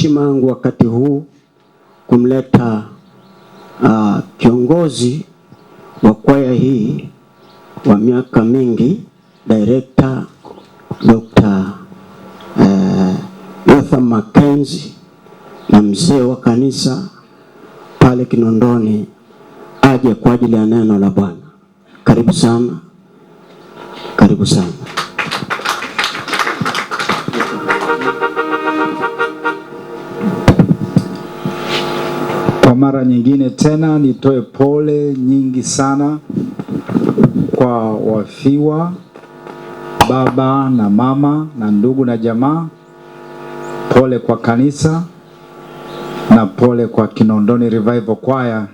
heshima yangu wakati huu kumleta uh, kiongozi wa kwaya hii wa miaka mingi Director Dr. Yotham eh, Mackenzie na mzee wa kanisa pale Kinondoni aje kwa ajili ya neno la Bwana. Karibu sana, karibu sana. mara nyingine tena nitoe pole nyingi sana kwa wafiwa, baba na mama na ndugu na jamaa. Pole kwa kanisa na pole kwa Kinondoni Revival Choir,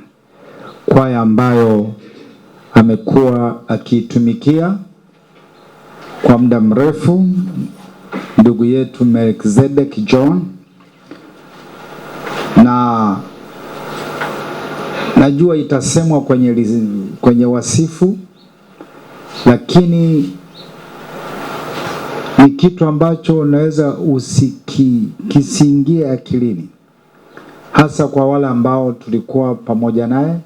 kwaya ambayo amekuwa akiitumikia kwa muda mrefu ndugu yetu Melkizedek John najua itasemwa kwenye, kwenye wasifu, lakini ni kitu ambacho unaweza usikiingie akilini, hasa kwa wale ambao tulikuwa pamoja naye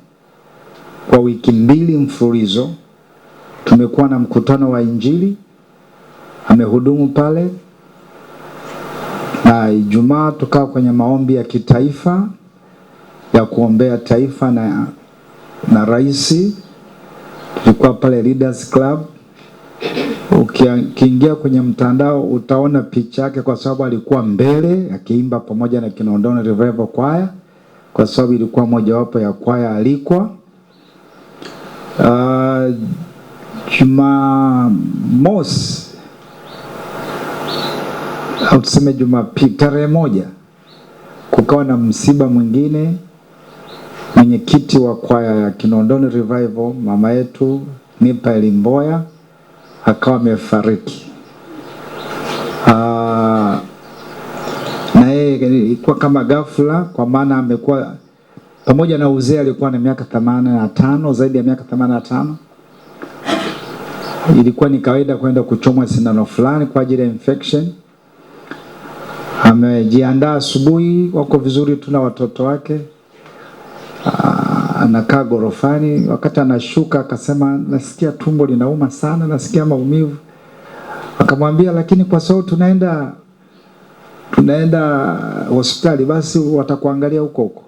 kwa wiki mbili mfululizo. Tumekuwa na mkutano wa Injili, amehudumu pale, na Ijumaa tukawa kwenye maombi ya kitaifa ya kuombea taifa na, na rais. Tulikuwa pale Leaders Club. Ukiingia kwenye mtandao utaona picha yake, kwa sababu alikuwa mbele akiimba pamoja na Kinondoni Revival Choir, kwa sababu ilikuwa mojawapo ya kwaya alikwa. Uh, ah, Jumamosi au tuseme Jumapili tarehe moja kukawa na msiba mwingine mwenyekiti wa kwaya ya Kinondoni Revival, mama yetu Nipa Elimboya akawa amefariki. Ah, na yeye ilikuwa kama ghafla, kwa maana amekuwa pamoja na uzee, alikuwa na miaka themanini na tano, zaidi ya miaka themanini na tano. Ilikuwa ni kawaida kwenda kuchomwa sindano fulani kwa ajili ya infection. Amejiandaa asubuhi, wako vizuri tu na watoto wake. Ah, anakaa gorofani. Wakati anashuka akasema, nasikia tumbo linauma sana, nasikia maumivu. Akamwambia, lakini kwa sababu tunaenda tunaenda hospitali, basi watakuangalia huko huko.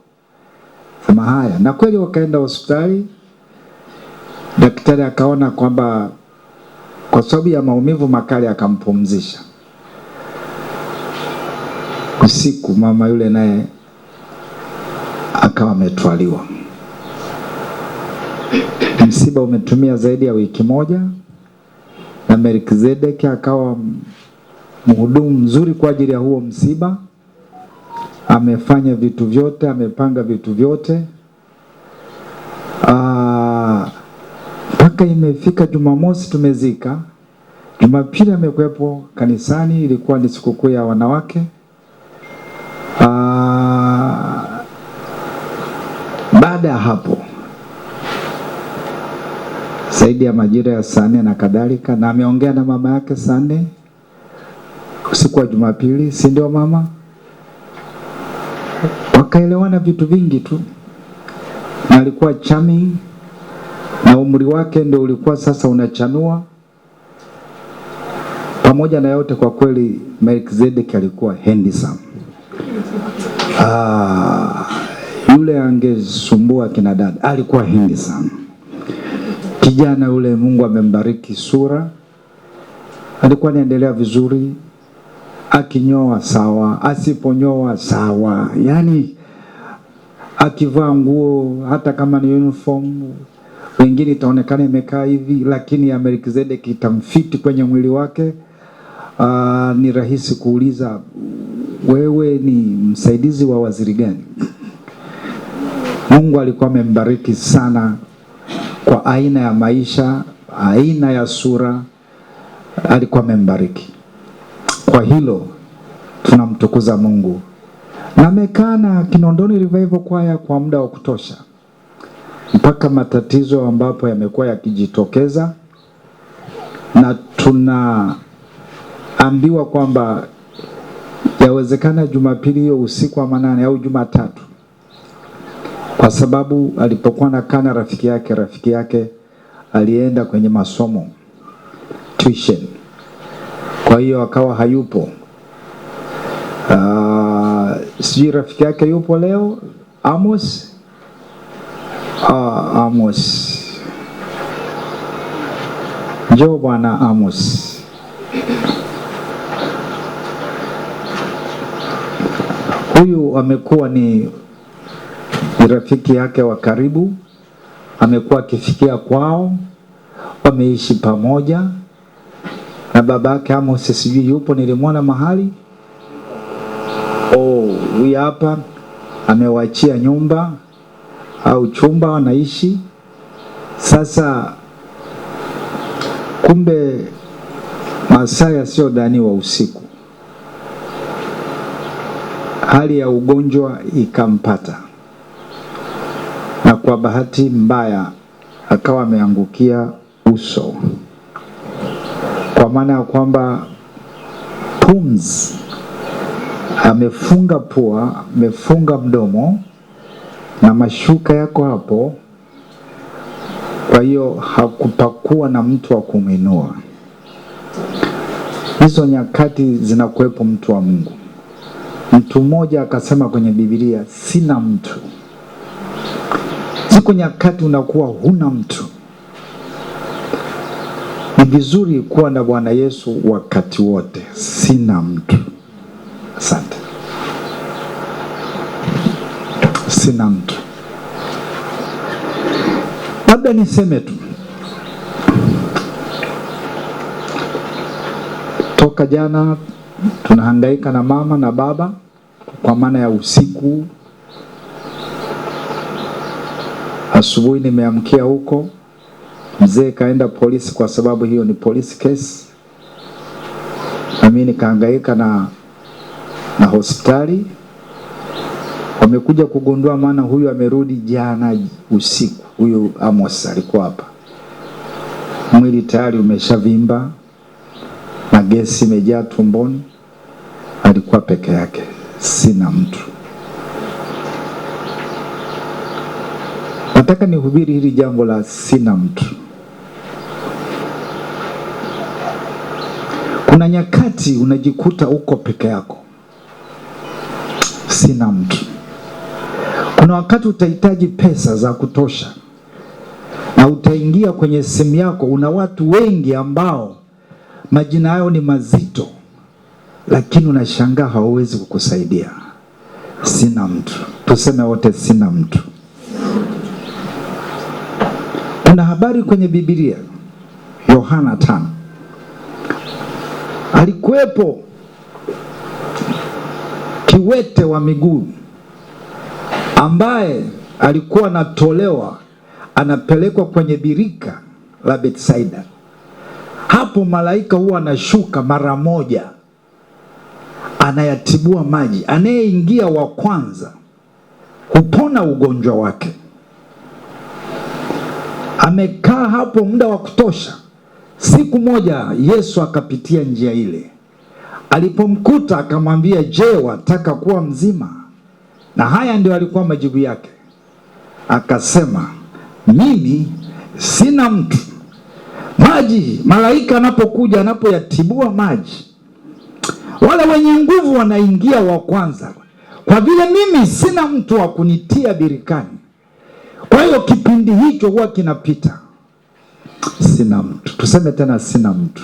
Sema haya, na kweli wakaenda hospitali. Daktari akaona kwamba kwa sababu ya maumivu makali akampumzisha. Usiku mama yule naye akawa ametwaliwa. Msiba umetumia zaidi ya wiki moja, na Melkizedeki akawa mhudumu mzuri kwa ajili ya huo msiba. Amefanya vitu vyote, amepanga vitu vyote ah, mpaka imefika Jumamosi tumezika. Jumapili amekuwepo kanisani, ilikuwa ni sikukuu ya wanawake. Baada ya hapo, zaidi ya majira ya saa nne na kadhalika, na ameongea na mama yake saa nne usiku wa Jumapili, si ndio mama? Wakaelewana vitu vingi tu, na alikuwa charming na umri wake ndio ulikuwa sasa unachanua. Pamoja na yote, kwa kweli melkizedek alikuwa handsome ah yule angesumbua kina dada, alikuwa hingi sana. Kijana yule Mungu amembariki sura, alikuwa anaendelea vizuri, akinyoa sawa, asiponyoa sawa, yaani akivaa nguo hata kama ni uniform wengine itaonekana imekaa hivi, lakini ya melkizedek itamfiti kwenye mwili wake. Aa, ah, ni rahisi kuuliza wewe ni msaidizi wa waziri gani? Mungu alikuwa amembariki sana kwa aina ya maisha, aina ya sura, alikuwa amembariki kwa hilo. Tunamtukuza Mungu namekaa na Kinondoni Revival kwaya kwa muda wa kutosha, mpaka matatizo ambapo yamekuwa yakijitokeza, na tunaambiwa kwamba yawezekana Jumapili hiyo usiku wa manane au Jumatatu kwa sababu alipokuwa na kana rafiki yake rafiki yake alienda kwenye masomo tuition, kwa hiyo akawa hayupo. Uh, sijui rafiki yake yupo leo Amos. Ah, Amos njoo bwana Amos. Huyu amekuwa ni ni rafiki yake wa karibu, amekuwa akifikia kwao, wameishi pamoja na babake Amos, sijui yupo, nilimwona mahali oh, huyu hapa amewachia nyumba au chumba wanaishi sasa. Kumbe masaa yasiyodhaniwa usiku, hali ya ugonjwa ikampata kwa bahati mbaya akawa ameangukia uso, kwa maana ya kwamba pumzi, amefunga pua, amefunga mdomo na mashuka yako hapo. Kwa hiyo hakupakuwa na mtu wa kumwinua. Hizo nyakati zinakuwepo mtu wa Mungu. Mtu mmoja akasema kwenye Biblia, sina mtu Siku nyakati unakuwa huna mtu. Ni vizuri kuwa na Bwana Yesu wakati wote. Sina mtu. Asante. Sina mtu. Labda niseme tu toka jana tunahangaika na mama na baba, kwa maana ya usiku Asubuhi nimeamkia huko, mzee kaenda polisi, kwa sababu hiyo ni polisi kesi, na mimi nikahangaika na, na hospitali. Wamekuja kugundua, maana huyu amerudi jana usiku. Huyu Amos alikuwa hapa, mwili tayari umeshavimba na gesi imejaa tumboni. Alikuwa peke yake, sina mtu Nataka nihubiri hili jambo la sina mtu. Kuna nyakati unajikuta uko peke yako, sina mtu. Kuna wakati utahitaji pesa za kutosha, na utaingia kwenye simu yako, una watu wengi ambao majina yao ni mazito, lakini unashangaa hawawezi kukusaidia. Sina mtu. Tuseme wote, sina mtu. Kuna habari kwenye Biblia Yohana tano alikuwepo kiwete wa miguu ambaye alikuwa anatolewa anapelekwa kwenye birika la Betsaida. Hapo malaika huwa anashuka mara moja, anayatibua maji, anayeingia wa kwanza hupona ugonjwa wake amekaa hapo muda wa kutosha. Siku moja Yesu akapitia njia ile, alipomkuta akamwambia, je, wataka kuwa mzima? Na haya ndio alikuwa majibu yake, akasema, mimi sina mtu maji. Malaika anapokuja anapoyatibua maji, wale wenye nguvu wanaingia wa kwanza. Kwa vile mimi sina mtu wa kunitia birikani kwa hiyo kipindi hicho huwa kinapita, sina mtu. Tuseme tena, sina mtu.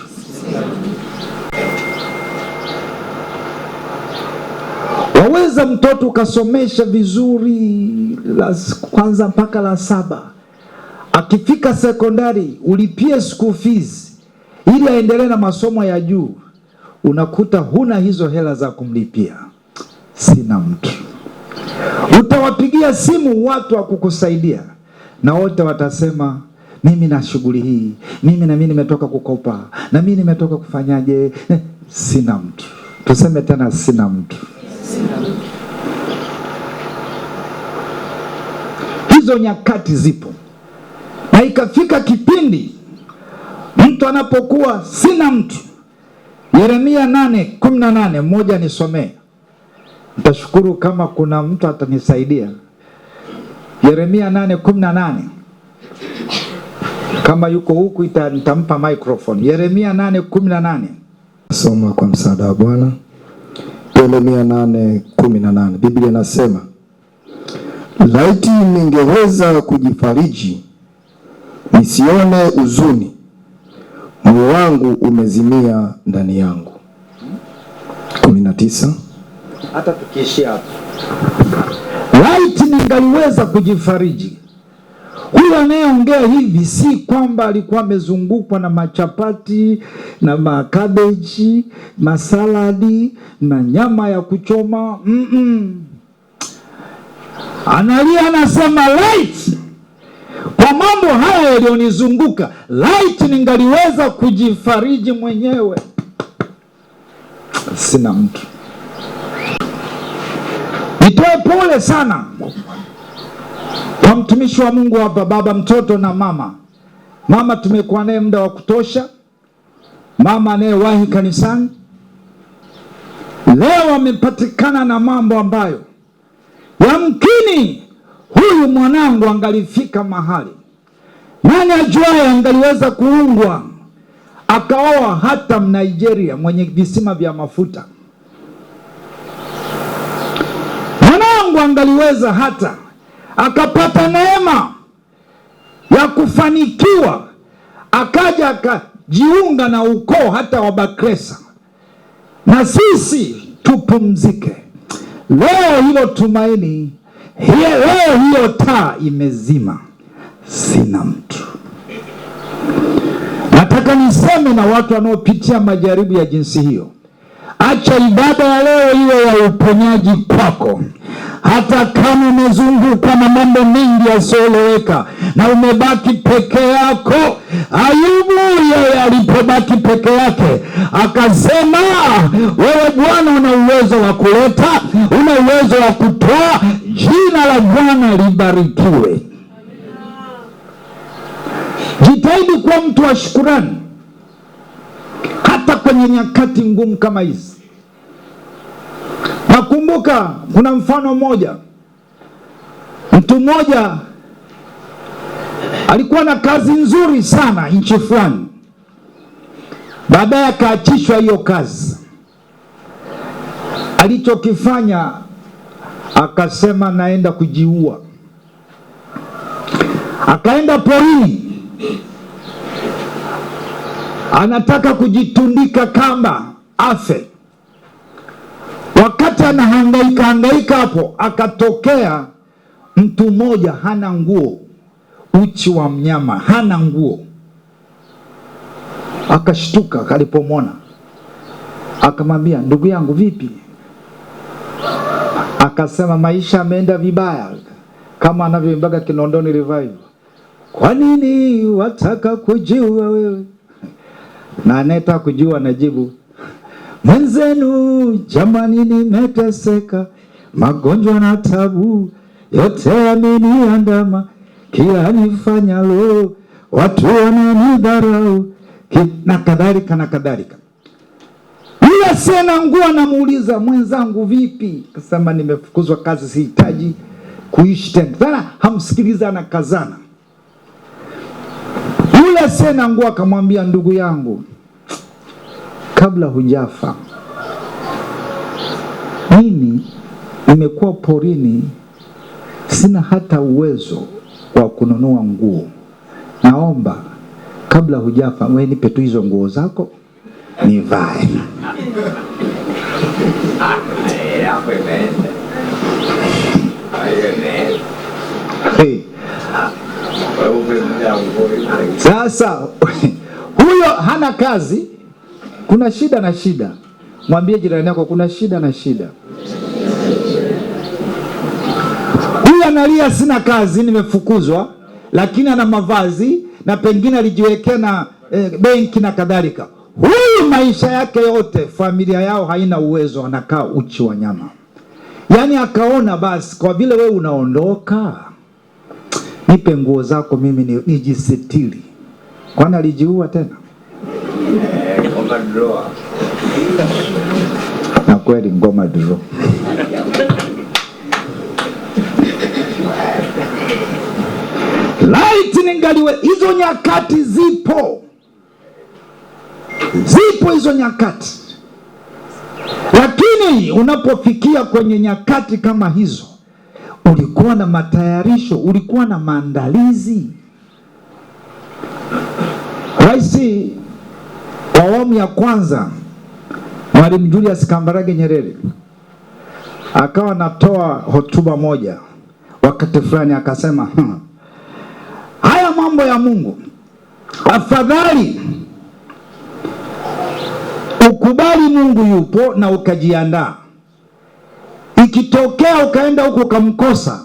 Waweza mtoto ukasomesha vizuri la kwanza mpaka la saba, akifika sekondari ulipie school fees ili aendelee na masomo ya juu, unakuta huna hizo hela za kumlipia. Sina mtu. Utawapigia simu watu wa kukusaidia, na wote watasema mimi na shughuli hii, mimi na mimi nimetoka kukopa, na mimi nimetoka kufanyaje, sina mtu. Tuseme tena, sina mtu. Hizo nyakati zipo, na ikafika kipindi mtu anapokuwa sina mtu. Yeremia 8:18 mmoja nisomee tashukuru kama kuna mtu atanisaidia. Yeremia 8:18 kama yuko huku nitampa microphone. Yeremia 8:18 soma kwa msaada wa Bwana. Yeremia 8:18 Biblia inasema laiti ningeweza kujifariji nisione huzuni, moyo wangu umezimia ndani yangu. 19 hata tukiishia hapo, laiti ningaliweza kujifariji. Huyu anayeongea hivi si kwamba alikuwa amezungukwa na machapati na makabeji, masaladi na nyama ya kuchoma mm -mm. Analia, anasema laiti kwa mambo haya yaliyonizunguka, laiti ningaliweza kujifariji mwenyewe. Sina mtu pole sana kwa mtumishi wa Mungu hapa, baba mtoto na mama. Mama tumekuwa naye muda wa kutosha, mama anayewahi kanisani. Leo amepatikana na mambo ambayo yamkini huyu mwanangu angalifika mahali, nani ajuaye, angaliweza kuungwa akaoa hata Mnigeria mwenye visima vya mafuta. angaliweza hata akapata neema ya kufanikiwa akaja akajiunga na ukoo hata wa Bakresa, na sisi tupumzike leo. Hilo tumaini hiyo, leo hiyo taa imezima, sina mtu. Nataka niseme na watu wanaopitia majaribu ya jinsi hiyo, acha ibada ya leo iwe ya uponyaji kwako hata kama umezungukwa na mambo mengi yasiyoeleweka na umebaki peke yako. Ayubu yeye alipobaki peke yake akasema, wewe Bwana una uwezo wa kuleta, una uwezo wa kutoa. Jina la Bwana libarikiwe. Jitahidi kuwa mtu wa shukurani hata kwenye nyakati ngumu kama hizi. Nakumbuka kuna mfano mmoja, mtu mmoja alikuwa na kazi nzuri sana nchi fulani, baadaye akaachishwa hiyo kazi. Alichokifanya akasema, naenda kujiua. Akaenda porini, anataka kujitundika kamba afe akiwa na hangaika hangaika hapo, akatokea mtu mmoja hana nguo, uchi wa mnyama, hana nguo. Akashtuka alipomwona, akamwambia ndugu yangu, vipi? Akasema maisha ameenda vibaya, kama anavyoimbaga Kinondoni Revival, kwa nini wataka kujua wewe? Na anayetaka kujua anajibu mwenzenu, jamani, nimeteseka, magonjwa na tabu yote yameniandama, kila nifanyalo watu wananidharau na kadhalika na kadhalika. Bila sena nguo, anamuuliza mwenzangu, vipi? Kasema nimefukuzwa kazi, sihitaji kuishi tena. hamsikiliza hamsikilizana, kazana. Yule sena nguo akamwambia, ndugu yangu kabla hujafa. Mimi nimekuwa porini, sina hata uwezo wa kununua nguo. Naomba kabla hujafa, wewe nipe tu hizo nguo zako nivae. Hey. Sasa huyo hana kazi kuna shida na shida. Mwambie jirani yako kuna shida na shida. Huyu analia, sina kazi, nimefukuzwa, lakini ana mavazi na pengine alijiwekea na e, benki na kadhalika. Huyu maisha yake yote, familia yao haina uwezo, anakaa uchi wa nyama. Yaani akaona basi, kwa vile wewe unaondoka, nipe nguo zako mimi nijisitiri. Kwani alijiua tena? ngoma draw. Na kweli ngoma draw. Lightning ngaliwe, hizo nyakati zipo, zipo hizo nyakati, lakini unapofikia kwenye nyakati kama hizo, ulikuwa na matayarisho, ulikuwa na maandalizi. Raisi awamu ya kwanza Mwalimu Julius Kambarage Nyerere akawa anatoa hotuba moja wakati fulani akasema, hmm, haya mambo ya Mungu afadhali ukubali Mungu yupo na ukajiandaa, ikitokea ukaenda huko ukamkosa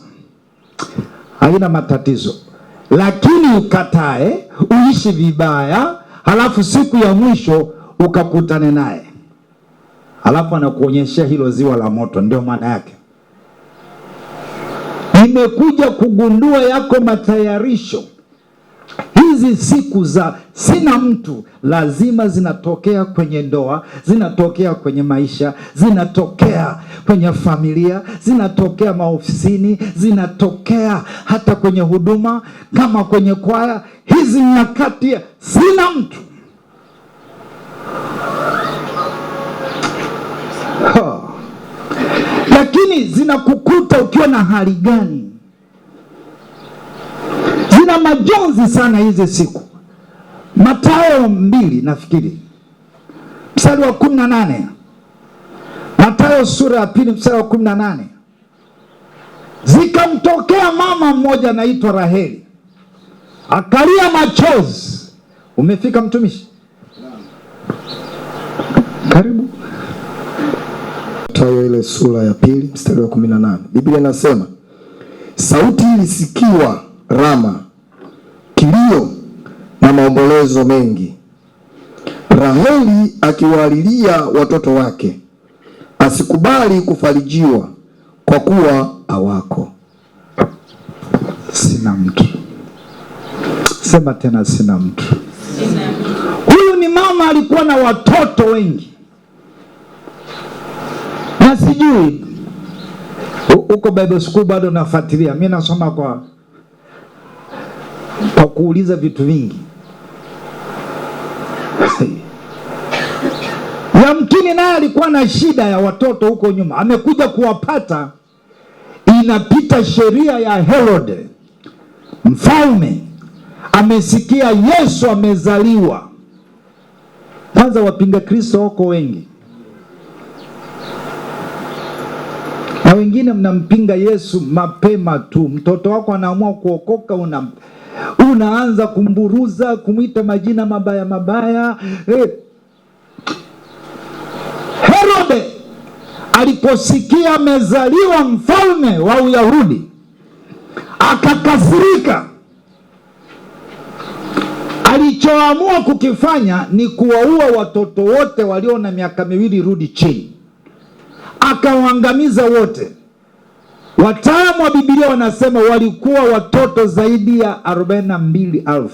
haina matatizo, lakini ukatae uishi vibaya halafu siku ya mwisho ukakutane naye, halafu anakuonyeshea hilo ziwa la moto. Ndio maana yake nimekuja kugundua yako matayarisho. Hizi siku za sina mtu lazima zinatokea kwenye ndoa, zinatokea kwenye maisha, zinatokea kwenye familia, zinatokea maofisini, zinatokea hata kwenye huduma kama kwenye kwaya. Hizi nyakati Sina mtu ha. Lakini zinakukuta ukiwa na hali gani? Zina majonzi sana hizi siku. matayo mbili nafikiri mstari wa kumi na nane matayo sura ya pili mstari wa kumi na nane Zikamtokea mama mmoja anaitwa Raheli, akalia machozi Umefika mtumishi, karibu. Mathayo ile sura ya pili mstari wa 18, Biblia inasema sauti ilisikiwa Rama, kilio na maombolezo mengi, Raheli akiwalilia watoto wake, asikubali kufarijiwa kwa kuwa awako Sina mtu, sema tena, sina mtu kama alikuwa na watoto wengi, na sijui huko Bible school bado nafuatilia mimi, nasoma kwa kwa kuuliza vitu vingi yamkini naye alikuwa na shida ya watoto huko nyuma, amekuja kuwapata. Inapita sheria ya Herode mfalme, amesikia Yesu amezaliwa kwanza wapinga Kristo wako wengi, na wengine mnampinga Yesu mapema tu. Mtoto wako anaamua kuokoka, una unaanza kumburuza, kumwita majina mabaya mabaya. Hey, eh. Herode aliposikia amezaliwa mfalme wa Uyahudi akakasirika Alichoamua kukifanya ni kuwaua watoto wote walio na miaka miwili rudi chini, akawaangamiza wote. Wataalamu wa Biblia wanasema walikuwa watoto zaidi ya 42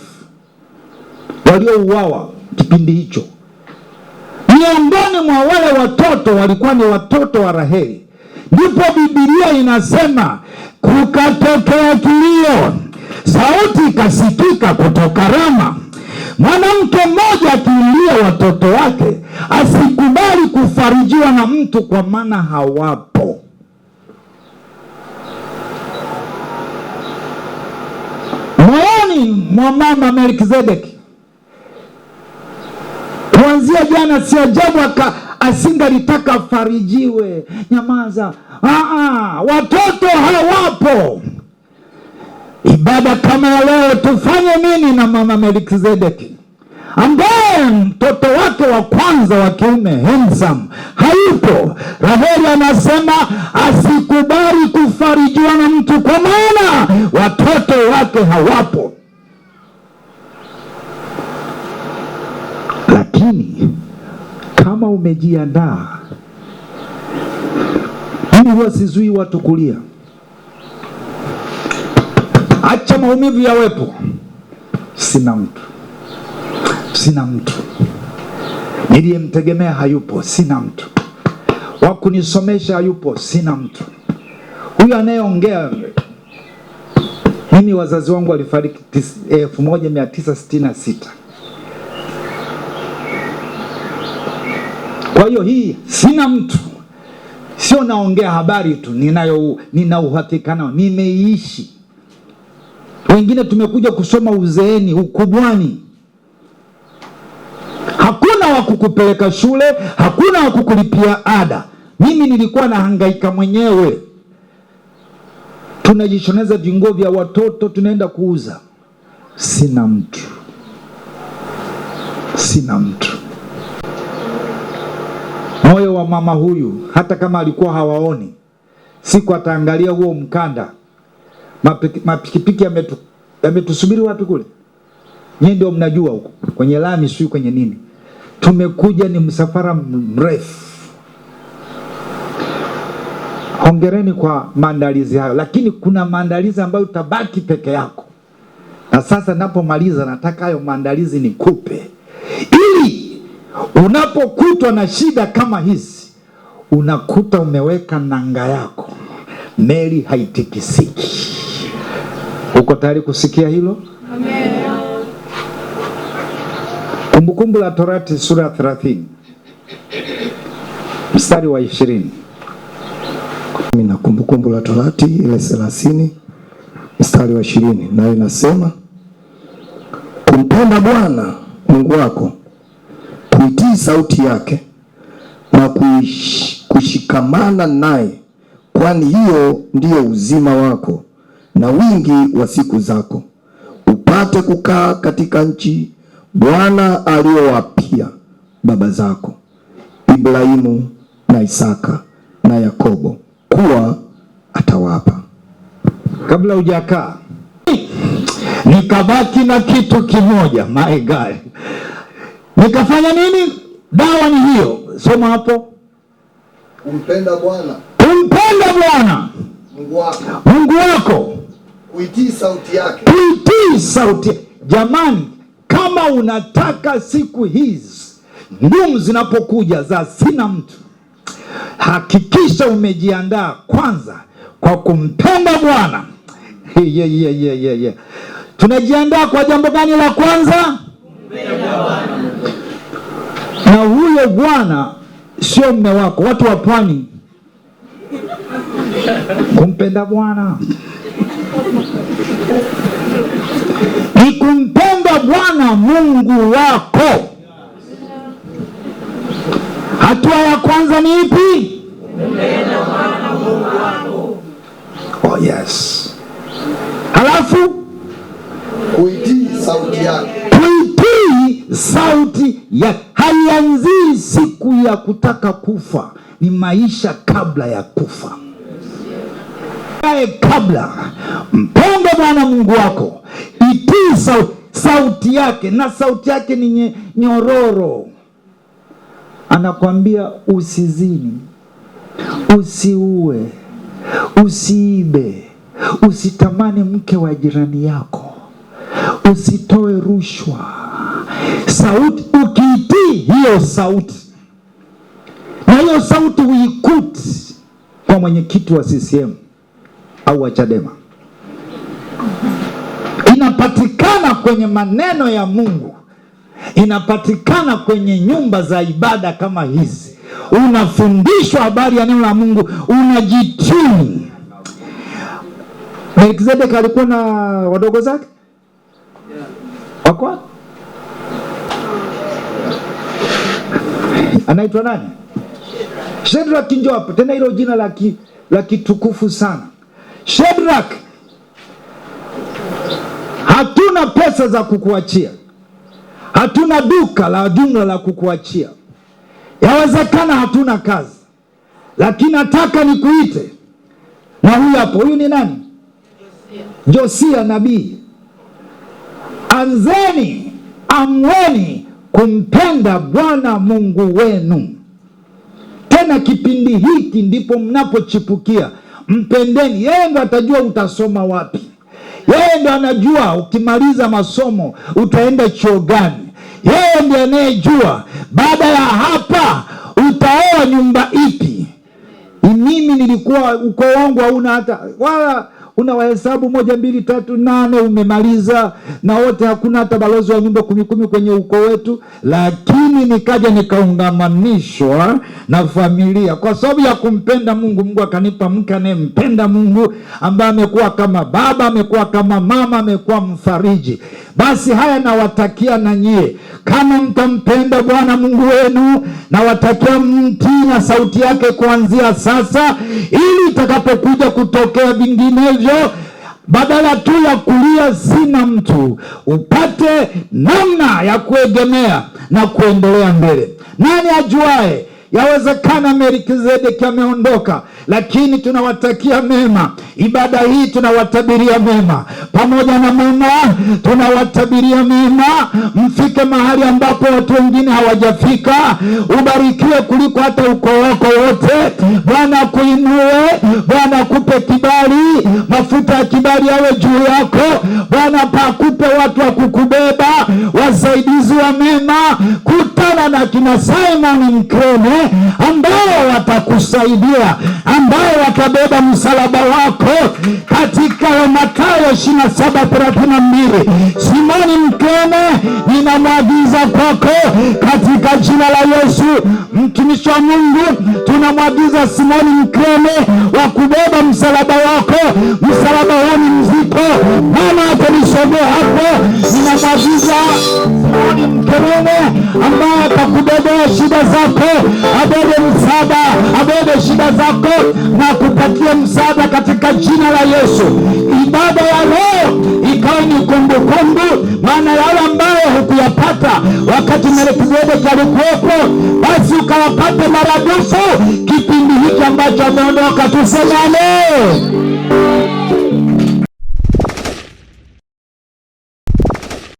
waliouawa kipindi hicho. Miongoni mwa wale watoto walikuwa ni watoto wa Raheli. Ndipo Biblia inasema kukatokea kilio, sauti ikasikika kutoka Rama. Mwanamke mmoja akiulia watoto wake asikubali kufarijiwa na mtu, kwa maana hawapo. Moyoni mwa mama Melkizedeki kuanzia jana, si ajabu aka asingalitaka afarijiwe. Nyamaza, aa, ah, ah, watoto hawapo ibada kama ya leo tufanye nini na mama Melkizedeki ambaye mtoto wake wa kwanza wa kiume handsome hayupo. Raheli anasema asikubali kufarijiwa na mtu, kwa maana watoto wake hawapo. Lakini kama umejiandaa, mimi huwa sizui watu kulia Acha maumivu yawepo. Sina mtu, sina mtu niliyemtegemea, hayupo. Sina mtu wa kunisomesha, hayupo. Sina mtu huyu anayeongea mimi. Wazazi wangu walifariki sita. kwa hiyo hii sina mtu sio naongea habari tu, ninayo nina uhakika nao, nimeishi. Wengine tumekuja kusoma uzeeni, ukubwani. Hakuna wa kukupeleka shule, hakuna wa kukulipia ada. Mimi nilikuwa nahangaika mwenyewe, tunajishoneza vinguo vya watoto, tunaenda kuuza. Sina mtu, sina mtu. Moyo wa mama huyu, hata kama alikuwa hawaoni, siku ataangalia huo mkanda mapikipiki yametusubiri wapi kule? Nyie ndio mnajua huko kwenye lami, sio kwenye nini. Tumekuja ni msafara mrefu. Hongereni kwa maandalizi hayo, lakini kuna maandalizi ambayo utabaki peke yako. Na sasa napomaliza, nataka hayo maandalizi nikupe, ili unapokutwa na shida kama hizi unakuta umeweka nanga yako, meli haitikisiki. Uko tayari kusikia hilo? Amen. Kumbukumbu la Torati sura ya 30 mstari wa 20. Na Kumbukumbu la Torati ile 30 mstari wa 20, nayo inasema kumpenda Bwana Mungu wako, kuitii sauti yake na kushikamana naye, kwani hiyo ndiyo uzima wako na wingi wa siku zako, upate kukaa katika nchi Bwana aliyowapia baba zako Ibrahimu na Isaka na Yakobo kuwa atawapa. Kabla hujakaa nikabaki na kitu kimoja. My God, nikafanya nini? Dawa ni hiyo, soma hapo, kumpenda Bwana, kumpenda Bwana Mungu wako kuitii sauti yake. kuitii sauti. Jamani, kama unataka siku hizi ngumu zinapokuja za sina mtu, hakikisha umejiandaa kwanza kwa kumpenda Bwana. yeah, yeah, yeah, yeah, yeah. Tunajiandaa kwa jambo gani la kwanza? Na huyo bwana sio mme wako. Watu wa pwani kumpenda Bwana ni kumpenda Bwana Mungu wako. Hatua ya kwanza ni ipi? Oh, yes. Halafu kuitii sauti yake, kuitii sauti ya haianzii siku ya kutaka kufa, ni maisha kabla ya kufa. Naye kabla mponge Bwana Mungu wako, itii sauti, sauti yake, na sauti yake ni nye, nyororo. Anakwambia usizini, usiue, usiibe, usitamani mke wa jirani yako, usitoe rushwa. Sauti ukiitii hiyo sauti, na hiyo sauti huikuti kwa mwenyekiti wa CCM au wa Chadema inapatikana kwenye maneno ya Mungu, inapatikana kwenye nyumba za ibada kama hizi. Unafundishwa habari ya neno la Mungu, unajituni. Melkizedeki alikuwa na wadogo zake wako anaitwa nani? Shadraka, njoo tena, hilo jina la kitukufu sana Shadrach, hatuna pesa za kukuachia, hatuna duka la jumla la kukuachia, yawezekana hatuna kazi, lakini nataka nikuite na huyu hapo. Huyu ni nani? Josia nabii. Anzeni, amweni kumpenda Bwana Mungu wenu. Tena kipindi hiki ndipo mnapochipukia mpendeni. Yeye ndo atajua utasoma wapi, yeye ndo anajua ukimaliza masomo utaenda chuo gani. Yeye ndi anayejua baada ya hapa utaoa nyumba ipi. Mimi nilikuwa ukoo wangu hauna hata wala unawahesabu moja, mbili, tatu, nane, umemaliza na wote, hakuna hata balozi wa nyumba kumi kumi kwenye uko wetu. Lakini nikaja nikaungamanishwa na familia kwa sababu ya kumpenda Mungu. Mungu akanipa mke anayempenda Mungu, ambaye amekuwa kama baba, amekuwa kama mama, amekuwa mfariji. Basi haya nawatakia na nyie, kama mtampenda Bwana Mungu wenu, nawatakia mtii na sauti yake kuanzia sasa, ili itakapokuja kutokea vinginevyo hivyo badala tu ya kulia zina mtu upate namna ya kuegemea na kuendelea mbele. Nani ajuae Yawezekana Melkizedeki ameondoka, lakini tunawatakia mema. Ibada hii tunawatabiria mema, pamoja na mema tunawatabiria mema. Mfike mahali ambapo watu wengine hawajafika, ubarikiwe kuliko hata ukoo wako wote. Bwana akuinue, Bwana akupe kibali, mafuta ya kibali yawe juu yako. Bwana pakupe watu wa kukubeba, wasaidizi wa mema. Kutana na kina Simon Mkrene ambao watakusaidia, ambao watabeba msalaba wako katika Mathayo ishirini na saba thelathini na mbili. Simoni Mkene, ninamwagiza kwako katika jina la Yesu. Mtumishi wa Mungu, tunamwagiza Simoni Mkene wa kubeba msalaba wako. Msalaba huo ni mzito, mama akonisogea hapo, ninamwagiza ambaye atakubebea shida zako, abebe msaada, abebe shida zako na kupatia msaada katika jina la Yesu. Ibada ya leo ikawa ni kumbukumbu, maana yale ambayo hukuyapata wakati Melkizedeki alikuwepo, basi ukawapate maradufu kipindi hiki ambacho ameondoka. Tusemane.